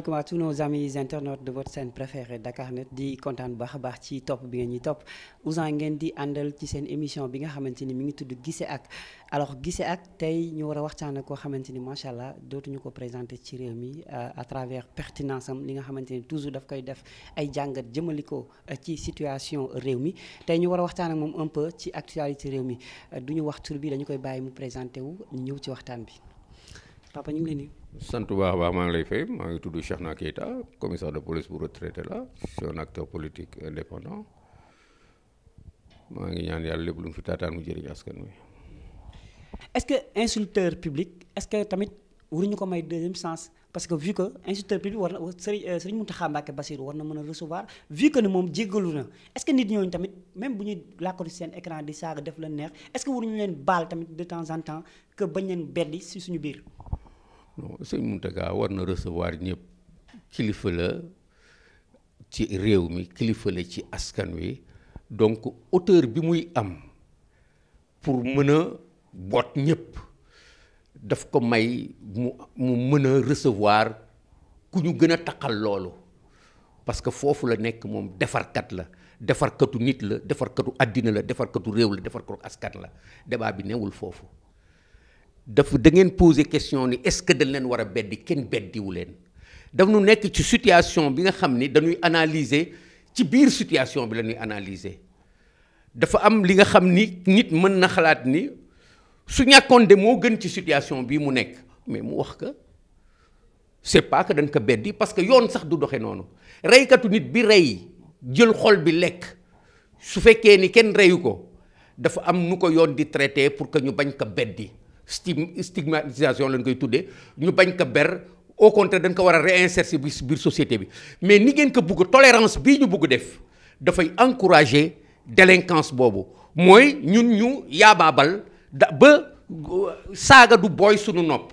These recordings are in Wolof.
asalaamaaleykum à tous nos amis internautes de votre chaîne préférée Dakarnet di kontaan bu baax a baax ci topp bi ngeen ñi topp Ouzin ngeen di àndal ci seen émission bi nga xamante ni mi ngi tudd Guissé ak alors Guissé ak tey ñu war a waxtaan ak koo xamante ni macha allah dootuñu ko présenté ci réew mi euh, à travers pertinence am li nga xamante ni toujours daf koy def ay jàngat jëmale ko euh, ci situation réew mi tey ñu war a waxtaan ak moom un peu ci actualité réew mi euh, duñu wax tur bi dañu koy bàyyi mu présenté wu ñëw ci waxtaan bi. papa ñu ngi lay nuyu. sant bu baax baax maa ngi lay fay maa ngi tudd Cheikhna Keita commissaire de police bu retraité la c'est un acteur politique indépendant maa ngi ñaan yàlla lépp lu mu fi taataan mu jëriñ askan wi. est-ce que insulteur public est-ce que tamit waruñu ko may deuxième sens parce que vu que insulteur public war na Serigne euh, Serigne Mountakha Mbacké na mën a recevoir vu que ni moom jéggalu na est-ce que nit ñooñu tamit même bu ñuy làkkoon seen écran di saaga def la neex est-ce que waruñu leen baal tamit de temps en temps que bañ leen beddi ci suñu biir. non sëñ Mountaga war na recevoir ñëpp kilifa la ci réew mi kilifa la ci askan wi donc auteur bi muy am pour mën a boot ñëpp daf ko may mu mu mën a recevoir ku ñu gën a taqal loolu parce que foofu la nekk moom defarkat la defarkatu nit la defarkatu àddina la defarkatu réew la defarkatu askan la débat bi newul foofu dafa da ngeen poser question ni est-ce que dañ leen war a beddi kenn beddiwu leen daf nu nekk ci situation bi nga xam ni dañuy analyser ci biir situation bi lañuy ñuy analyser dafa am li nga xam ni nit mën na xalaat ni su ñàkkoon de moo gën ci situation bi mu nekk mais mu wax que c'est pas que dañ ko beddi parce que yoon sax du doxe noonu reykatu nit bi rey jël xol bi lekk su fekkee ni kenn reyu ko dafa am nu ko yoon di traité pour que ñu bañ ko beddi stigmatisation lañ koy tuddee ñu bañ ko ber au contraire dañ ko war a réinsérer bi biir société bi mais ni ngeen ko bugg tolérance bii ñu bugg def dafay encourager délinquance boobu mooy ñun ñu yaabaabal da ba saaga du booy suñu nopp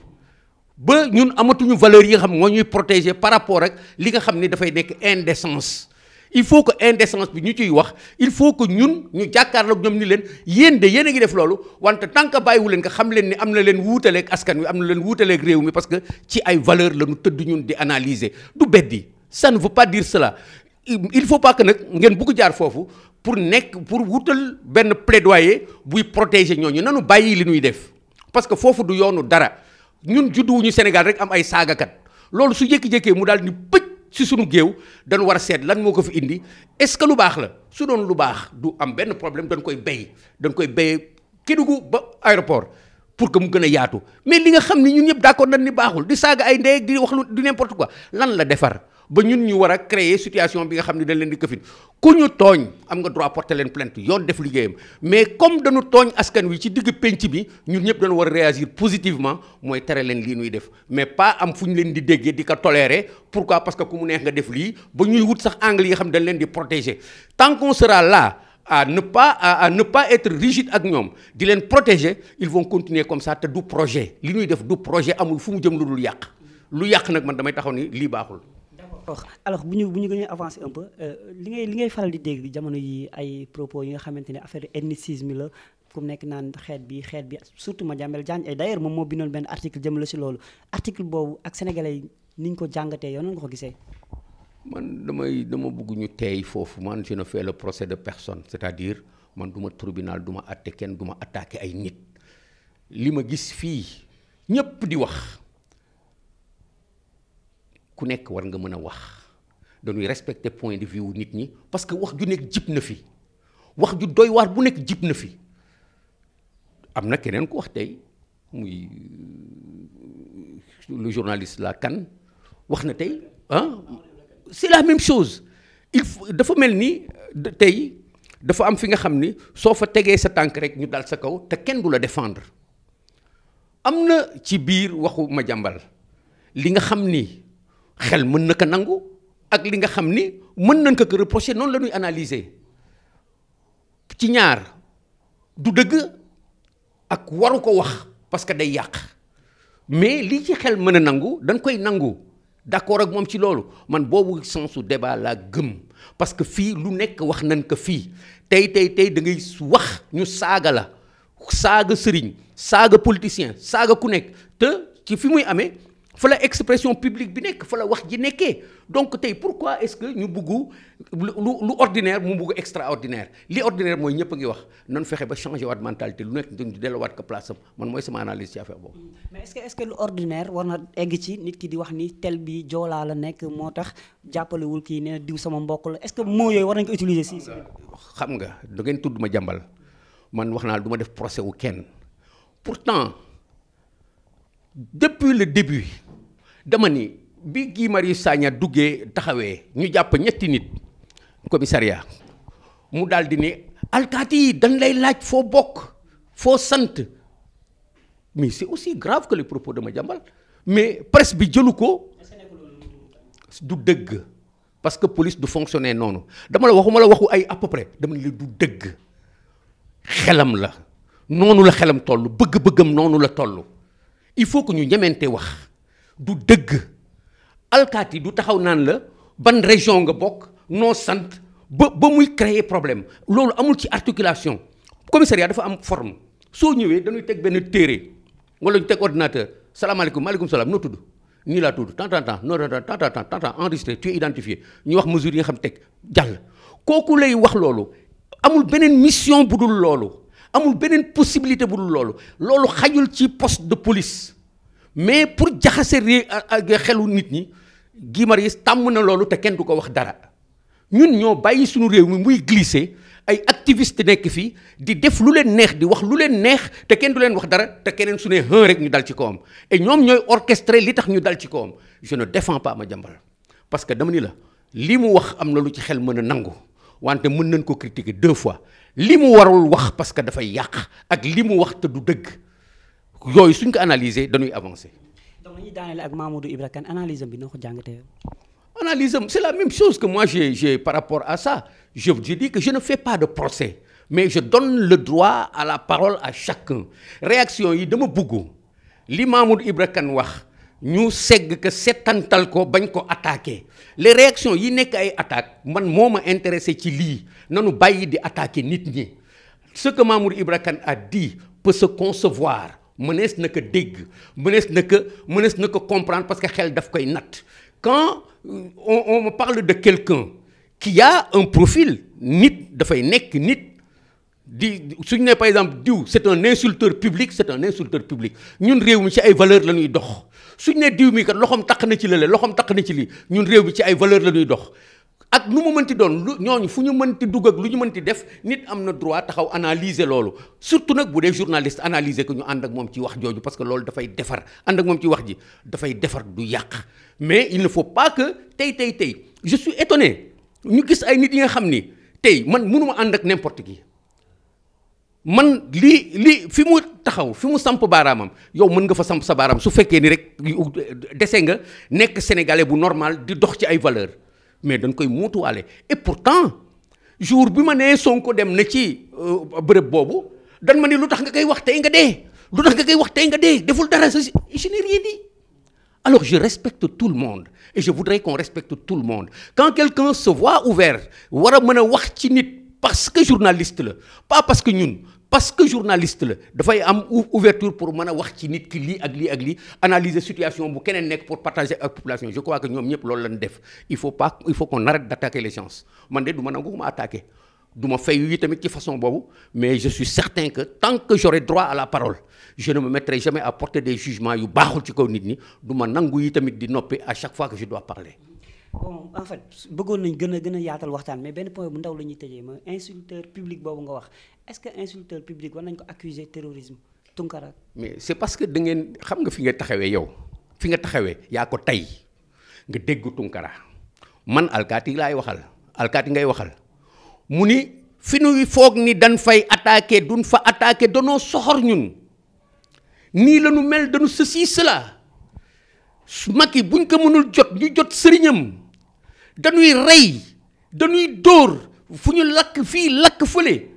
ba ñun amatuñu valeur yi nga xam moo ñuy protéger par rapport ak li nga xam ni dafay nekk indécence il faut que indécence bi ñu ciy wax il faut que ñun ñu jàkkaarloog ñoom ni leen yéen de yéen gi def loolu wante tant que bàyyiwu leen nga xam leen ni am na leen wuutaleeg askan wi am na leen wuutaleeg réew mi parce que ci ay valeur la ñu tëdd ñun di analyser du beddi ça ne veut pas dire sela il faut pas nag ngeen bugg jaar foofu pour nekk pour wutal benn plaidoyer buy protéger ñooñu nu bàyyi li ñuy def parce que foofu du yoonu dara ñun judduwuñu Sénégal rek am ay saagakat su jékki-jékkee mu si sunu géew dañu war a seet lan moo ko fi indi est-ce que lu baax la su doon lu baax du am benn problème dañ koy bay dañ koy béyee Kédougou ba aéroport pour que mu gën a yaatu mais li nga xam ni ñun ñëpp d'accord nañ ni baaxul di saaga ay ndey di wax lu di n'importe quoi lan la defar ba ñun ñu war a créer situation bi nga xam ne dañ leen di këfin ku ñu tooñ am nga droit porter leen plainte yoon def liggéeyam mais comme dañu tooñ askan wi ci digg penc bi ñun ñëpp dañu war a réagir positivement mooy tere leen lii nuy def mais pas am fu ñu leen di déggee di ko tolérer pourquoi parce que ku mu neex nga def lii ba ñuy wut sax angle yi nga xam dañ leen di protéger tant qu'on sera a à ne pas à, à ne pas être rigide ak ñoom di leen protéger ils vont continuer comme ça du projet li ñuy def du projet amul fu mu jëm lu dul yàq lu yàq nag man damay taxaw ni lii baaxul alors bu ñu bu ñu gën a avancer euh, li ngay li ngay faral di dégg jamono yi ay propos yi nga xamante ne affaire ethnicisme la ku nekk naan xeet bi xeet bi surtout ma Madiambel Diagne et d'ailleurs moom moo bindoon benn article jëmale si loolu article boobu ak sénégalais yi ni ñu ko jàngatee yow nan nga ko gisee. man damay dama bëgg ñu teey foofu man je ne fais le procès de personne c'est-à-dire man du ma tribunal du ma kenn du ma attaqué ay nit li ma gis fii ñëpp di wax. ku nekk war nga mën a wax dañuy respecter point de vue wu nit ñi parce que wax ju nekk jib na fi wax ju doy waar bu nekk jib na fi am na keneen ku wax tey muy euh, le journaliste la kan wax na tey ah c'est la même chose il faut dafa mel ni euh, tey dafa am fi nga xam ni soo fa tegee sa tànk rek ñu dal sa kaw te kenn du la defendre am na ci biir waxu ma jàmbal li nga xam ni xel mën na ko nangu ak li nga xam ni mën nañ ko ko reprocher noonu la ñuy ci ñaar du dëgg ak waru ko wax parce que day yàq mais li ci xel mën a nangu dañ koy nangu d'accord ak moom ci loolu man boobu sensu débat laa gëm parce que fii lu nekk wax nañ ko fii tey tey tey da ngay wax ñu saaga la saaga sëriñ saaga politicien saaga ku nekk te ci fi muy amee fa la expression publique bi nekk fa la wax ji nekkee donc tey pourquoi est-ce que ñu bugg lu lu ordinaire mu bugg extraordinaire li ordinaire mooy ñëpp ngi wax nan fexe ba changer waat mentalité lu nekk di delluwaat ko place am man mooy sama analyse ci affaire boobu. Mm. mais est-ce que est lu ordinaire war na egg ci nit ki di wax ni tel bi joolaa la nekk moo tax jàppalewul kii nee na diw sama mbokk la est-ce que mots yooyu war nañ ko utiliser si. xam nga da ngeen tudd ma jàmbal man wax naa du ma def procès wu kenn pourtant depuis le début. dama ni bi Guy Marius Sagna duggee taxawee ñu jàpp ñetti nit commissariat mu daal di ne alkaati yi dañ lay laaj foo bokk foo sant mais c'est aussi grave que les propos de Madiambal mais presse bi jëlu ko du dëgg parce que police du fonctionner noonu dama la waxuma la waxu ay à peu près dama la du dëgg xelam la noonu la xelam toll bëgg-bëggam noonu la toll il faut que ñu ñemente wax du dëgg alkaati du taxaw naan la ban région nga bokk noo sant ba ba muy créer problème loolu amul ci articulation commissariat dafa am forme soo ñëwee dañuy teg benn téere wala ñu teg ordinateur salaamaaleykum maaleykum salaam noo tudd nii laa tudd tant tant tant non tant tant tant tu es identifié ñu wax mesure yi nga xam teg jàll kooku lay wax loolu amul beneen mission bu dul loolu amul beneen possibilité bu dul loolu loolu xajul ci post de police mais pour jaxase réew ak xelu nit ñi Guy Marius tàmm na loolu te kenn du ko wax dara ñun ñoo bàyyi suñu réew mi muy glisser ay activiste nekk fii di def lu leen neex di wax lu leen neex te kenn du leen wax dara te keneen su ne hën rek ñu dal ci kawam et ñoom ñooy orchestré li tax ñu dal ci kawam je ne défends pas Madiambal parce que dama ni la li mu wax am na lu ci xel mën a nangu wante mën nañ ko critiquer deux fois li mu warul wax parce que dafay yàq ak li mu wax te du dëgg yooyu suñ ko analyser dañuy avancer. donc dañuy daaneel ak Mamadou Ibra Kane analyse am bi noo ko jàngatee. analyse am c'est la même chose que moi j'ai par rapport à sa je je di que je ne fais pas de procès mais je donne le droit à la parole à chacun réaction yi dama bëgg li Mamadou Ibra Kane wax. ñu segg que setantal ko bañ ko attaqué les réactions yi nekk ay attaques man moo ma intéressé ci lii nanu bàyyi di attaqué nit ñi ce que Mamour Ibra Kane a dit peut se concevoir mënees na ko dégg mënees na ko mënees na ko comprendre parce que xel daf koy natt quand euh, on on me parle de quelqu'un qui a un profil nit dafay nekk nit di suñu ne par exemple diw c'est un insulteur public c'est un insulteur public ñun réew mi ci ay valeurs la ñuy dox suñu ne diw mi kat loxoom taq na ci lële loxoom taq na ci lii ñun réew mi ci ay valeurs la ñuy dox ak nu mu mënti doon lu ñooñu fu ñu mënti dugg ak lu ñu mënti def nit am na droit taxaw analyser loolu surtout nag bu dee journaliste analyser ko ñu ànd ak moom ci wax jooju parce que loolu dafay defar ànd ak moom ci wax ji dafay defar du yàq mais il ne faut pas que tey tey tey je suis étonné ñu gis ay nit yi nga xam ni tey man mënuma ànd ak n'importe qui man lii lii fi mu taxaw fi mu samp baaraamam yow mën nga fa samp sa baaraam su fekkee ni rek desee nga nekk sénégalais bu normal di dox ci ay valeur mais dañ koy muutuwaale et pourtant jour bi ma nee Sonko dem na ci euh, bërëb boobu dan ma ne lu tax nga koy wax tey nga dee lu tax nga koy wax tey nga dee deful dara sa je n'ai rien dit alors je respecte tout le monde et je voudrais qu'on respecte tout le monde quand quelqu'un se voit ouvert war a mën a wax ci nit parce que journaliste la pas parce que ñun parce que journaliste la dafay am ouverture pour mën a wax ci nit ki lii ak lii ak lii analyser situation bu keneen nekk pour partager ak population je crois que ñoom ñëpp loolu lañ def il faut pas il faut qu'on arrête d'attaquer les man de du ma nangu ma attaquer du ma fayu tamit ci façon boobu mais je suis certain que tant que j'aurai droit à la parole je ne me jamais à porter des jugements yu baaxul ci kaw nit ñi du ma nangu yi tamit di noppi à chaque fois que bon en fait bëggoon nañ gën a gën a yaatal waxtaan mais benn point bu ndaw la ñuy tëjee ma insulteur public boobu nga wax est-ce que insulteur public war nañ ko accuser terrorisme Tounkara mais c'est parce que da ngeen xam nga fi nga taxawee yow fi nga taxawee yaa ko tey nga dégg Tounkara man alkaati laay waxal alkaati ngay waxal mu ni fi nuy foog ni dan fay attaqué duñ fa attaqué danoo soxor ñun nii la ñu mel dañu ceci cela Macky buñ ko mënul jot ñu jot sëriñam dañuy rey dañuy dóor fu ñu lakk fii lakk fële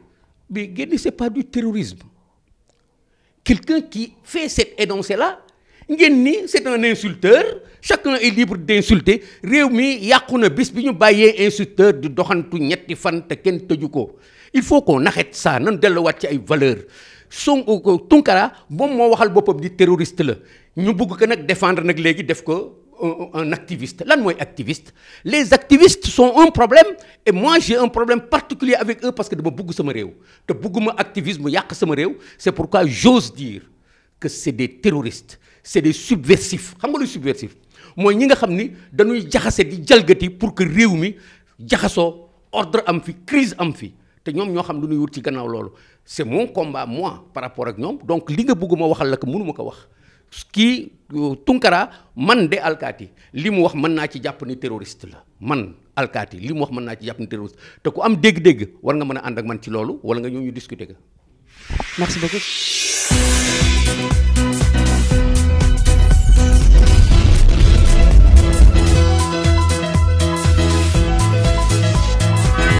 mais génn c'est pas du terrorisme quelqu'un qui fait cet énoncé la ngeen ni c'est un insulteur chacun est libre d'insulter réew mi yàqu na bis bi ñu bàyyee insulteur di doxantu ñetti fan te kenn tëju ko il faut qu'on arrête ça nan delluwaat ci ay valeurs Sonko euh, Tunkara moom moo waxal boppam di terroriste la ñu bugg ko nag defendre nag léegi def ko un activiste lan mooy activiste les activistes son un problème et moi j'ai un problème particulier avec eux parce que dama bëgg sama réew te bëgguma mu yàq sama réew c'est pourquoi j'ose dire que c'est des terroristes c'est des subversifs xam nga luy subversif mooy ñi nga xam ni dañuy jaxase di jalgati pour que réew mi jaxasoo ordre am fi crise am fi te ñoom ñoo xam lu ñuy wut ci gannaaw loolu c'est mon combat moi par rapport ak ñoom donc li nga bëgg waxal la ko mënuma ko wax kii euh, Tunkara man de alkaati li mu wax mën naa ci jàpp ni terroriste la man alkaati li mu wax mën naa ci jàpp ni terroriste te ku am dégg-dégg war nga mën a ànd ak man ci loolu wala nga ñëw ñu discuter ga merci beaucoup